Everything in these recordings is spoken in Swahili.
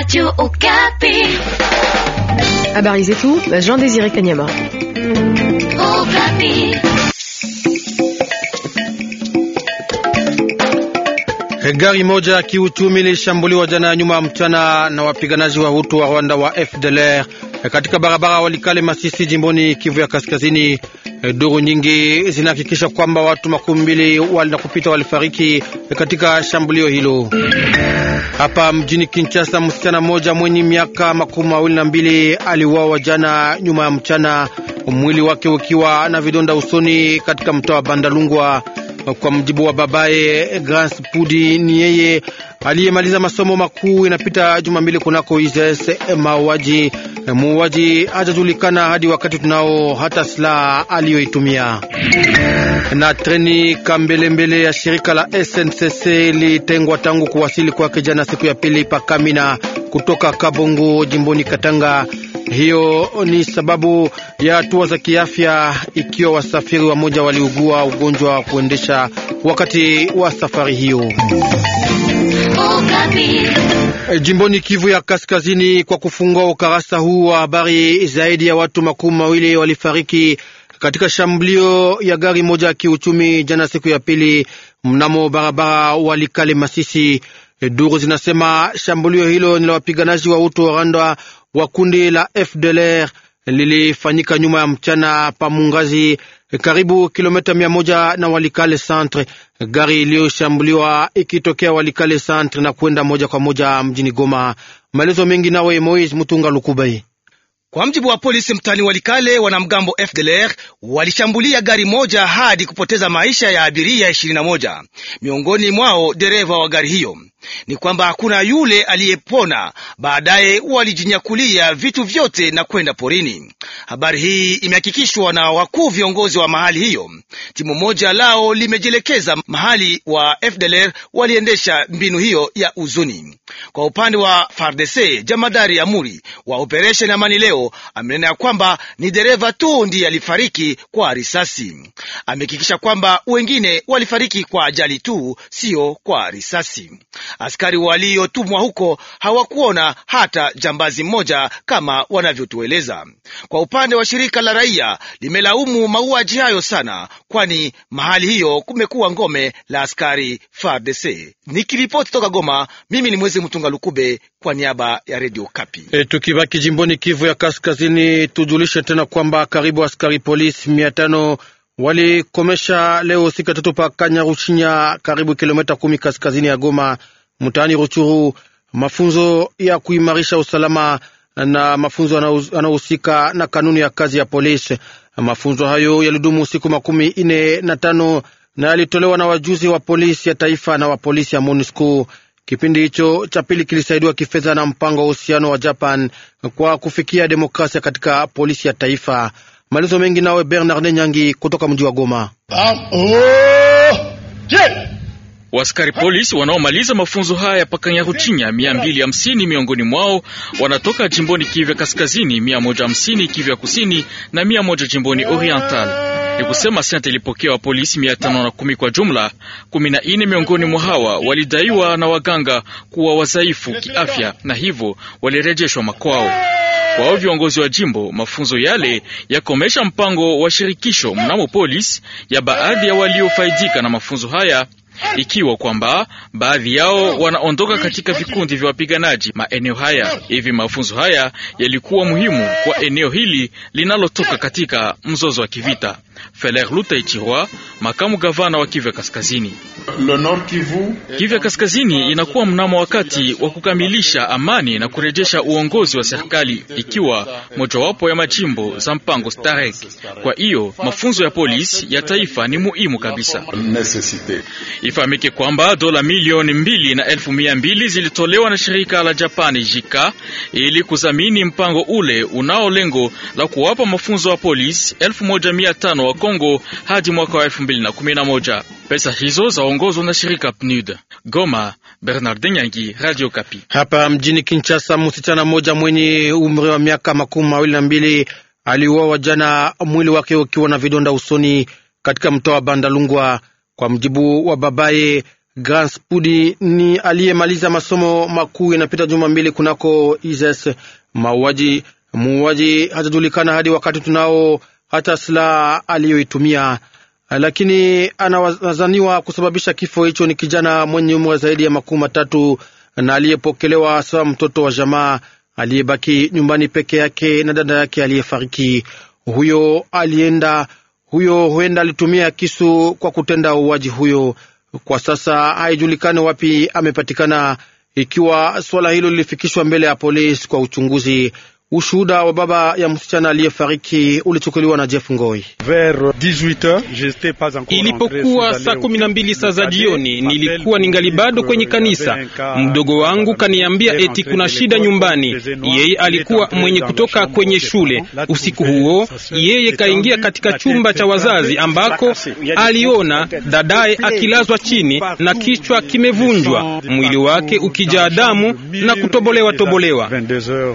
Radio Okapi. Habari zetu na Jean Désiré Kanyama. Okapi. Gari moja ya kiuchumi lilishambuliwa jana ya nyuma mchana na wapiganaji wa Hutu wa Rwanda wa FDLR katika barabara Walikale Masisi jimboni Kivu ya Kaskazini. Eh, Duru nyingi zinahakikisha kwamba watu makumi mbili wali na kupita walifariki eh, katika shambulio hilo. Hapa mjini Kinshasa, msichana mmoja mwenye miaka makumi mawili na mbili aliuawa jana nyuma ya mchana, mwili wake ukiwa na vidonda usoni katika mtaa wa Bandalungwa. Kwa mjibu wa babaye Grans Pudi, ni yeye aliyemaliza masomo makuu inapita juma mbili kunako ISS. Mauaji muuaji hajajulikana hadi wakati tunao hata silaha aliyoitumia. Na treni kambelembele ya shirika la SNCC litengwa tangu kuwasili kwake jana siku ya pili pakamina kutoka Kabongo jimboni Katanga hiyo ni sababu ya hatua za kiafya, ikiwa wasafiri wamoja waliugua ugonjwa wa kuendesha wakati wa safari hiyo. E, jimboni Kivu ya Kaskazini, kwa kufungua ukarasa huu wa habari, zaidi ya watu makumi mawili walifariki katika shambulio ya gari moja ya kiuchumi jana siku ya pili mnamo barabara Walikale Masisi. Duru zinasema shambulio hilo ni la wapiganaji wa utu wa Rwanda wa kundi la FDLR lilifanyika nyuma ya mchana pa Mungazi, karibu kilomita mia moja na Walikale Centre. Gari iliyoshambuliwa ikitokea Walikale Centre na kwenda moja kwa moja mjini Goma. Maelezo mengi nawe Moise Mutunga Lukubai. Kwa mjibu wa polisi mtani Walikale, wanamgambo FDLR walishambulia gari moja hadi kupoteza maisha ya abiria 21, miongoni mwao dereva wa gari hiyo ni kwamba hakuna yule aliyepona. Baadaye walijinyakulia vitu vyote na kwenda porini. Habari hii imehakikishwa na wakuu viongozi wa mahali hiyo. Timu moja lao limejielekeza mahali wa FDLR waliendesha mbinu hiyo ya uzuni. Kwa upande wa FARDC, jamadari Amuri wa operesheni Amani leo amenena ya kwamba ni dereva tu ndiye alifariki kwa risasi. Amehakikisha kwamba wengine walifariki kwa ajali tu, sio kwa risasi. Askari waliotumwa huko hawakuona hata jambazi mmoja kama wanavyotueleza. Kwa upande wa shirika la raia, limelaumu mauaji hayo sana, kwani mahali hiyo kumekuwa ngome la askari FARDC. Nikiripoti toka Goma, mimi ni Mwezi Mtunga Lukube kwa niaba ya Redio Kapi. E, tukibaki jimboni Kivu ya Kaskazini, tujulishe tena kwamba karibu askari polisi mia tano walikomesha leo siku ya tatu pa Kanyaruchinya, karibu kilomita kumi kaskazini ya Goma mtaani Ruchuru, mafunzo ya kuimarisha usalama na mafunzo yanayohusika na kanuni ya kazi ya polisi. Mafunzo hayo yalidumu siku makumi ine na tano na yalitolewa na wajuzi wa polisi ya taifa na wa polisi ya MONUSCO. Kipindi hicho cha pili kilisaidiwa kifedha na mpango wa uhusiano wa Japan kwa kufikia demokrasia katika polisi ya taifa. Malizo mengi nawe Bernard Nyangi kutoka mji wa Goma. Ah, oh, yeah. Waskari polisi wanaomaliza mafunzo haya ya Pakanyaruchinya mia mbili miongoni mwao wanatoka jimboni Kivya Kaskazini, mia Kivya Kusini na mia jimboni Oriental. Ni kusema senta ilipokea polisi mia na kumi kwa jumla. Kumi miongoni mwa hawa walidaiwa na waganga kuwa wazaifu kiafya na hivyo walirejeshwa makwao. Kwao viongozi wa jimbo, mafunzo yale yakomesha mpango wa shirikisho mnamo polisi ya baadhi ya waliofaidika na mafunzo haya ikiwa kwamba baadhi yao wanaondoka katika vikundi vya wapiganaji maeneo haya. Hivi mafunzo haya yalikuwa muhimu kwa eneo hili linalotoka katika mzozo wa kivita. Feller Luta Ichirwa, makamu gavana wa Kivu Kaskazini. Kivu Kaskazini inakuwa mnamo wakati wa kukamilisha amani na kurejesha uongozi wa serikali, ikiwa mojawapo ya majimbo za mpango Starek. Kwa hiyo mafunzo ya polisi ya taifa ni muhimu kabisa. Ifahamike kwamba dola milioni mbili na elfu mia mbili zilitolewa na shirika la Japani Jika ili kudhamini mpango ule unao lengo la kuwapa mafunzo ya polisi elfu moja mia tano wa Kongo hadi mwaka wa 2011. Pesa hizo zaongozwa na shirika PNUD. Goma, Bernard Nyangi, Radio Kapi. Hapa mjini Kinshasa, msichana mmoja mwenye umri wa miaka makumi mawili na mbili aliuawa jana, mwili wake ukiwa na vidonda usoni katika mtaa wa Bandalungwa. Kwa mjibu wa babaye Grand Spudi ni aliyemaliza masomo makuu yanapita juma mbili kunako ISES. Mauaji muuaji hatajulikana hadi wakati tunao hata silaha aliyoitumia, lakini anawazaniwa kusababisha kifo hicho ni kijana mwenye umri zaidi ya makumi matatu na aliyepokelewa sawa mtoto wa jamaa aliyebaki nyumbani peke yake na dada yake aliyefariki. Huyo alienda huyo huenda alitumia kisu kwa kutenda uwaji huyo. Kwa sasa haijulikani wapi amepatikana, ikiwa suala hilo lilifikishwa mbele ya polisi kwa uchunguzi. Ushuhuda wa baba ya msichana aliyefariki ulichukuliwa na Jeff Ngoi. Ilipokuwa saa kumi na mbili saa za jioni, nilikuwa ningali bado kwenye kanisa. Mdogo wangu kaniambia eti kuna shida nyumbani. Yeye alikuwa mwenye kutoka kwenye shule. Usiku huo yeye kaingia katika chumba cha wazazi, ambako aliona dadaye akilazwa chini na kichwa kimevunjwa, mwili wake ukijaa damu na kutobolewa tobolewa.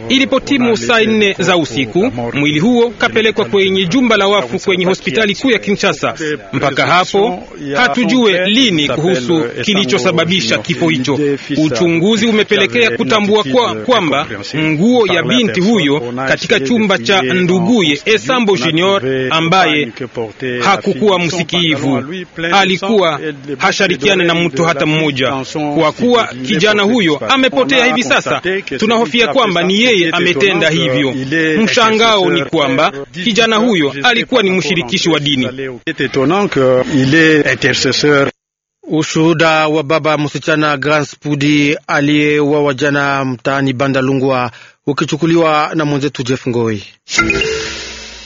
Ilipotimu saa nne za usiku. Mwili huo kapelekwa kwenye jumba la wafu kwenye hospitali kuu ya Kinshasa. Mpaka hapo hatujue lini kuhusu kilichosababisha kifo hicho. Uchunguzi umepelekea kutambua kwa kwamba nguo ya binti huyo katika chumba cha nduguye Esambo Junior ambaye hakukuwa msikivu alikuwa hasharikiane na mtu hata mmoja. Kwa kuwa kijana huyo amepotea hivi sasa, tunahofia kwamba ni yeye ametenda hivyo. Mshangao ni kwamba kijana huyo alikuwa ni mshirikishi wa dini. Ushuhuda wa baba msichana Grans Pudi aliyewawa jana mtaani Bandalungwa ukichukuliwa na mwenzetu Jeff Ngoi.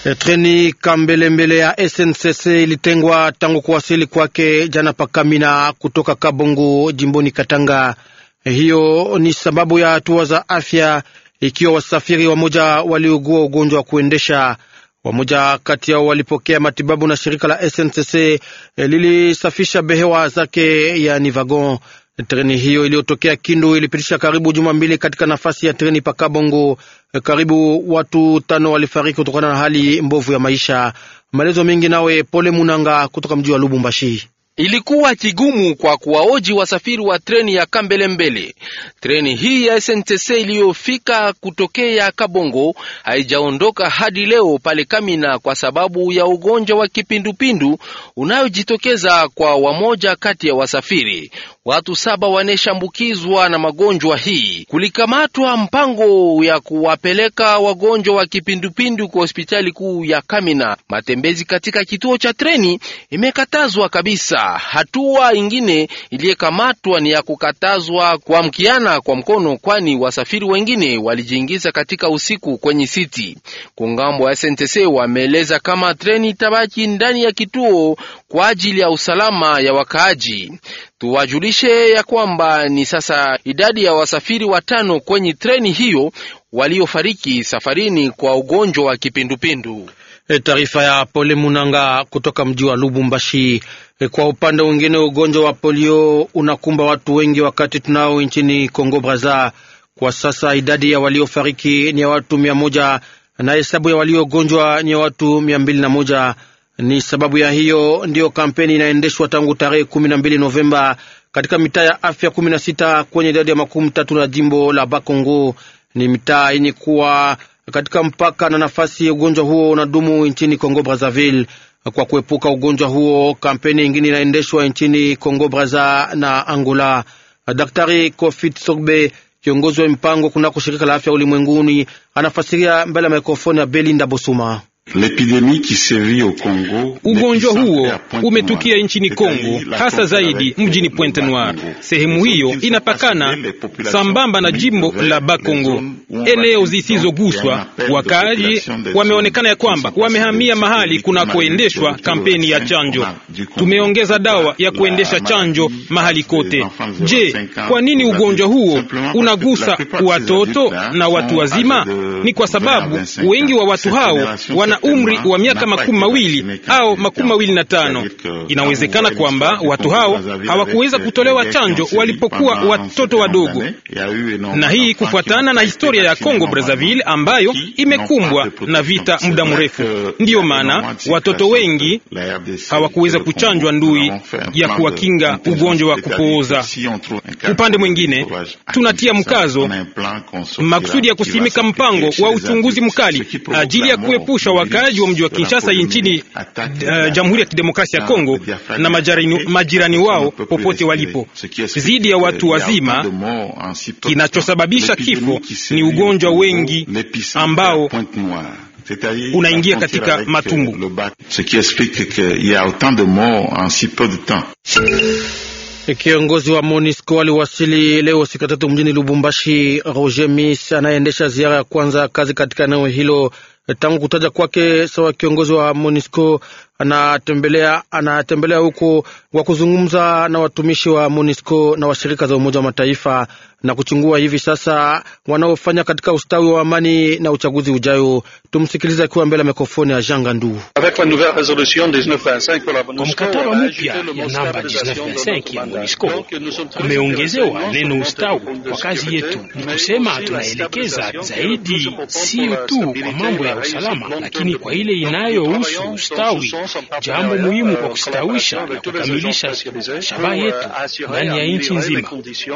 E, treni Kambelembele ya SNCC ilitengwa tangu kuwasili kwake jana Pakamina kutoka Kabongo jimboni Katanga. E, hiyo ni sababu ya hatua za afya ikiwa wasafiri wamoja waliugua ugonjwa wa kuendesha. Wamoja kati yao walipokea matibabu na shirika la SNCC eh, lilisafisha behewa zake, yani vagon. Treni hiyo iliyotokea Kindu ilipitisha karibu juma mbili katika nafasi ya treni Pakabongo. Eh, karibu watu tano walifariki kutokana na hali mbovu ya maisha. Maelezo mengi nawe Pole Munanga kutoka mji wa Lubumbashi. Ilikuwa kigumu kwa kuwaoji wasafiri wa treni ya Kambelembele. Treni hii ya SNTC iliyofika kutokea Kabongo haijaondoka hadi leo pale Kamina kwa sababu ya ugonjwa wa kipindupindu unayojitokeza kwa wamoja kati ya wasafiri watu saba waneshambukizwa na magonjwa hii. Kulikamatwa mpango ya kuwapeleka wagonjwa wa kipindupindu kwa hospitali kuu ya Kamina. Matembezi katika kituo cha treni imekatazwa kabisa. Hatua ingine iliyekamatwa ni ya kukatazwa kuamkiana kwa mkono, kwani wasafiri wengine walijiingiza katika usiku kwenye siti. Kungambo ya SNTC wameeleza kama treni itabaki ndani ya kituo kwa ajili ya usalama ya wakaaji. Tuwajulishe ya kwamba ni sasa idadi ya wasafiri watano kwenye treni hiyo waliofariki safarini kwa ugonjwa wa kipindupindu. E, taarifa ya Pole Munanga kutoka mji wa Lubumbashi. E, kwa upande mwingine ugonjwa wa polio unakumba watu wengi wakati tunao nchini congo Braza. Kwa sasa idadi ya waliofariki ni ya watu mia moja na hesabu ya waliogonjwa ni ya watu mia mbili na moja. Ni sababu ya hiyo ndiyo kampeni inaendeshwa tangu tarehe kumi na mbili Novemba katika mitaa ya afya kumi na sita kwenye idadi ya makumi tatu na jimbo la Bakongo. Ni mitaa yenye kuwa katika mpaka na nafasi ugonjwa huo unadumu nchini congo Brazzaville. Kwa kuepuka ugonjwa huo, kampeni ingine inaendeshwa nchini congo Braza na Angola. Daktari Kofit Sogbe, kiongozi wa mpango kunako shirika la afya ulimwenguni, anafasiria mbele ya mikrofoni ya Belinda Bosuma. Ugonjwa huo umetukia nchini Kongo, hasa zaidi mjini Pointe Noire. Sehemu hiyo inapakana sambamba na jimbo la Bakongo, eneo zisizoguswa. Wakaaji wameonekana ya kwamba wamehamia mahali kunakoendeshwa kampeni ya chanjo. Tumeongeza dawa ya kuendesha chanjo mahali kote. Je, kwa nini ugonjwa huo unagusa watoto na watu wazima? Ni kwa sababu wengi wa watu hao wana umri wa miaka makumi mawili au makumi mawili na tano. Inawezekana kwamba watu hao hawakuweza kutolewa chanjo walipokuwa watoto wadogo, na hii kufuatana na historia ya Congo Brazzaville ambayo imekumbwa na vita muda mrefu. Ndiyo maana watoto wengi hawakuweza kuchanjwa ndui ya kuwakinga ugonjwa wa kupooza. Upande mwingine, tunatia mkazo makusudi ya kusimika mpango wa uchunguzi mkali ajili ya kuepusha wakaaji wa mji wa Kinshasa nchini uh, Jamhuri ya Kidemokrasia ya Kongo na majirani, majirani wao popote walipo. zidi ya watu wazima, kinachosababisha kifo ni ugonjwa wengi ambao unaingia katika matumbu. Euh, Kiongozi wa MONUSCO aliwasili leo siku tatu mjini Lubumbashi. Roger Mis anayeendesha ziara ya kwanza kazi katika eneo hilo tangu kutaja kwake sawa kiongozi wa MONUSCO anatembelea anatembelea huko kwa kuzungumza na watumishi wa MONUSCO na washirika za Umoja wa Mataifa na kuchungua hivi sasa wanaofanya katika ustawi wa amani na uchaguzi ujayo. Tumsikilize akiwa mbele ya mikrofoni ya Jean Gandu. Kwa mkataba mpya ya namba 1925 ya MONUSCO kumeongezewa neno ustawi kwa kazi yetu, ni kusema tunaelekeza zaidi, sio tu kwa mambo ya usalama, lakini kwa ile inayohusu ustawi, jambo muhimu eh, kwa kustawisha na kukamilisha shabaha yetu ndani ya nchi nzima.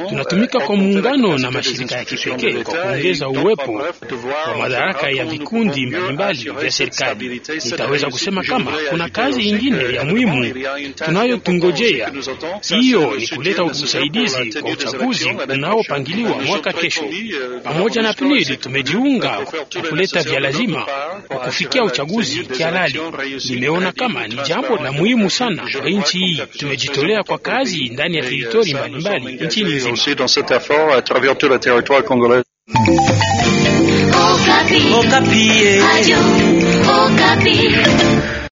Tunatumika eh, kwa muungano na mashirika ya kipekee kwa kuongeza uwepo wa madaraka ya vikundi mbalimbali vya serikali. Nitaweza kusema kama kuna kazi ingine ya muhimu tunayotungojea, hiyo ni kuleta usaidizi kwa uchaguzi unaopangiliwa mwaka kesho. Euh, Pamoja na PNUD tumejiunga kwa kuleta vya lazima kufikia uchaguzi kihalali. Nimeona kama ni jambo la muhimu sana kwa nchi hii. Tumejitolea kwa kazi ndani ya teritori mbalimbali nchini nzima.